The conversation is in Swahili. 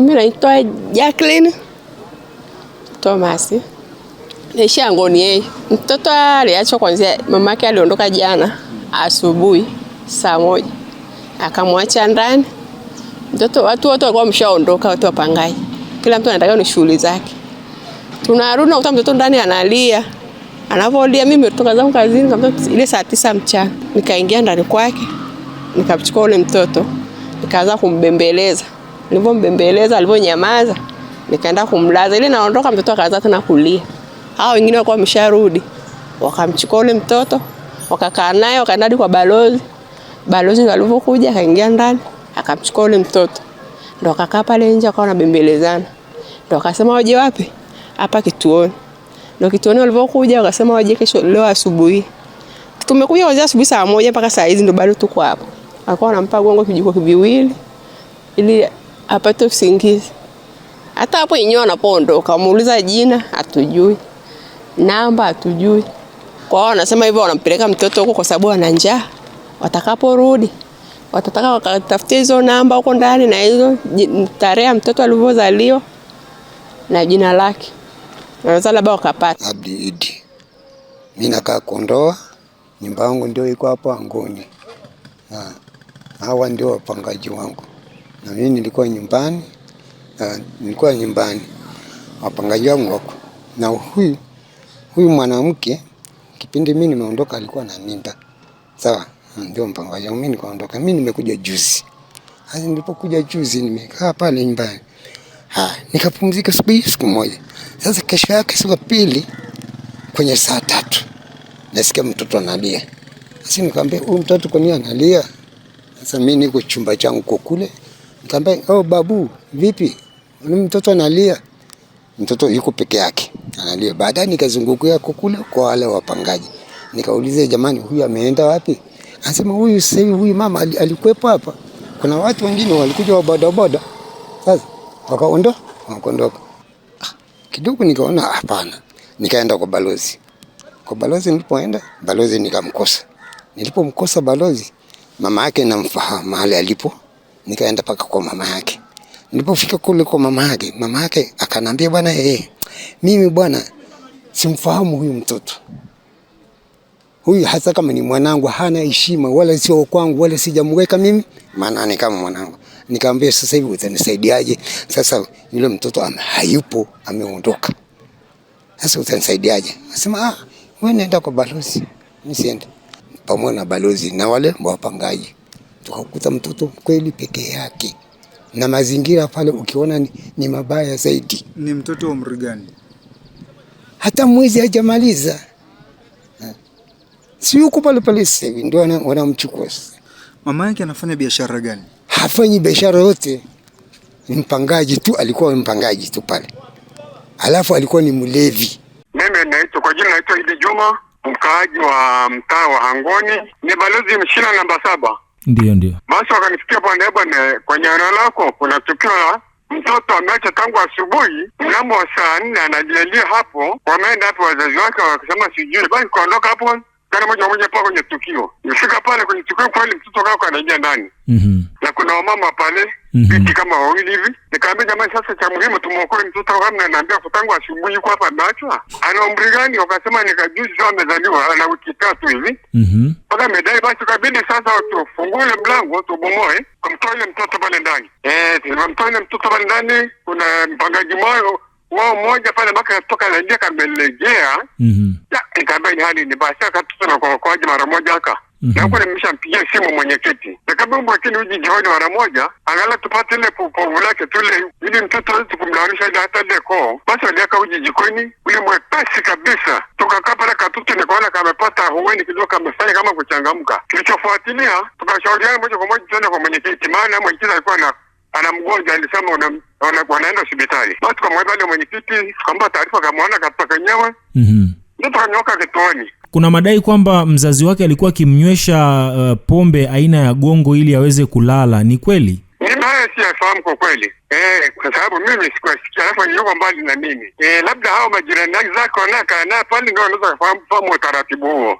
Mimi naitwa Jacqueline Thomas. Naishi Angoni yeye. Eh. Mtoto aliachwa kwanza, mama yake aliondoka jana asubuhi saa moja akamwacha ndani. Mtoto watu wote walikuwa wameshaondoka, watu wapangaye. kila mtu anataka ni shughuli zake. Tunarudi nakuta mtoto ndani analia, anavolia. Mimi nimetoka zangu kazini kama ile saa tisa mchana, nikaingia ndani kwake, nikamchukua ule mtoto, nikaanza kumbembeleza Nilivyombembeleza alivyonyamaza, nikaenda kumlaza. Ile naondoka mtoto akaanza tena kulia. Hao wengine walikuwa wamesharudi. Wakamchukua ule mtoto, wakakaa naye, wakaenda kwa balozi. Balozi ndio alivyokuja akaingia ndani, akamchukua ule mtoto. ndo akakaa pale nje akawa anabembelezana. ndo akasema waje wapi? Hapa kituoni. Ndo kituoni walivyokuja wakasema waje kesho leo asubuhi. Tumekuja kuanzia asubuhi saa moja mpaka saa hizi ndo bado tuko hapo. Akawa anampa gongo kijiko viwili ili apate usingizi. Hata hapo yenyewe anapoondoka, muuliza jina hatujui, namba hatujui. Kwa hiyo wanasema hivyo, wanampeleka mtoto huko kwa sababu ana njaa. Watakaporudi watataka wakatafutia hizo namba huko ndani na hizo tarehe ya mtoto alivyozaliwa na jina lake, wanaweza labda wakapata. Abdi Idi, mimi nakaa Kondoa, nyumba yangu ndio iko hapo Angoni. Ah, hawa ndio wapangaji wangu na mimi nilikuwa nyumbani na nilikuwa nyumbani wapangaji wangu wako na huyu huyu mwanamke kipindi mimi nimeondoka alikuwa na mimba sawa, ndio mpangaji wangu. Mimi nikaondoka, mimi nimekuja juzi. hadi nilipokuja juzi, nimekaa pale nyumbani ha, nikapumzika siku hii siku moja. Sasa kesho yake siku pili kwenye saa tatu nasikia mtoto analia. Sasa nikamwambia huyu mtoto kwa nini analia? Sasa mimi niko chumba changu kule kaambia oh, babu vipi, Ni mtoto analia. Mtoto yuko peke yake analia. Baadaye nikazungukia kule kwa wale wapangaji, nikauliza jamani, huyu ameenda wapi? Anasema huyu sasa huyu mama alikuwepo hapa, kuna watu wengine walikuja wa boda boda, sasa wakaondoka, wakaondoka. Ah, kidogo nikaona hapana, nikaenda kwa balozi. Kwa balozi nilipoenda, balozi nikamkosa. Nilipomkosa balozi, mama yake namfahamu mahali alipo Nikaenda paka kwa mama yake. Nilipofika kule kwa mama yake, mama yake akanambia bwana, eh, mimi bwana simfahamu huyu mtoto. Huyu hasa kama ni mwanangu hana heshima wala sio kwangu wala sijamweka mimi, maana ni kama mwanangu. Nikamwambia sasa hivi utanisaidiaje? Sasa yule mtoto ame hayupo, ameondoka. Sasa utanisaidiaje? Nasema ah, wewe nenda kwa balozi. Mimi siende. Pamoja na balozi na wale wapangaji tukakuta mtoto kweli peke yake na mazingira pale ukiona ni, ni mabaya zaidi. Ni mtoto wa umri gani? Hata mwezi hajamaliza, si yuko pale pale sasa hivi ndio wanamchukua sasa. Mama yake anafanya biashara gani? Hafanyi biashara yote, ni mpangaji tu, alikuwa mpangaji tu pale, alafu alikuwa ni mlevi. Mimi naitwa kwa jina naitwa Idi Juma, mkaaji wa mtaa wa Hangoni, ni balozi mshina namba saba. Ndio, ndio. Basi wakanifikia bwana, bwana, kwenye eneo lako kuna tukio la mtoto ameacha tangu asubuhi, mnamo saa nne anajalia hapo, wameenda hapo wazazi wake wakasema sijui, basi kaondoka hapo kana moja moja paa kwenye tukio. Nifika pale kwenye tukio, kweli mtoto kako anaingia ndani. mm -hmm kuna wamama pale mm-hmm. kama wawili hivi, nikaambia jamani, sasa cha muhimu tumuokoe mtoto wangu, ananiambia kutangu asubuhi yuko hapa ameachwa. Ana umri gani? Wakasema nikajuzi sasa amezaliwa, ana wiki tatu hivi mm-hmm. amedai basi, kabidi sasa tufungule mlango tubomoe, amtoa mtoto pale ndani. Eh, mtoto pale ndani. Kuna mpangaji moyo wao mmoja pale mpaka akatoka anaingia kamelegea. Mhm. Mm ya, nikaambia ni hali ni basi, akatuta na kuokoaji mara moja aka Mm -hmm. Nakuwa nimeshampigia simu mwenyekiti, nikaomba lakini uji jioni mara moja, angala tupate ile povu lake tule, ili mtoto wetu kumlawanisha ile hata ile koo. Basi aliweka uji jikoni ule mwepesi kabisa, tukakaa pale katutu, nikaona kamepata huweni kidogo, kamefanya kama kuchangamka. Kilichofuatilia tukashauriana moja kwa moja tena kwa mwenyekiti, maana mwenyekiti alikuwa na ana mgonjwa alisema una, una, wanaenda hospitali. Basi tukamwambia yule mwenyekiti, tukampa taarifa, kamwona katoka Mhm. ndio tukanyooka kituoni kuna madai kwamba mzazi wake alikuwa akimnywesha uh, pombe aina ya gongo ili aweze kulala. Ni kweli? Mimi haya siyafahamu kwa kweli eh, kwa sababu mimi sikuwasikia, alafu nilikuwa mbali na mimi eh, labda hao majirani zake wanakaa naye pale ndio wanaweza kufahamu utaratibu huo.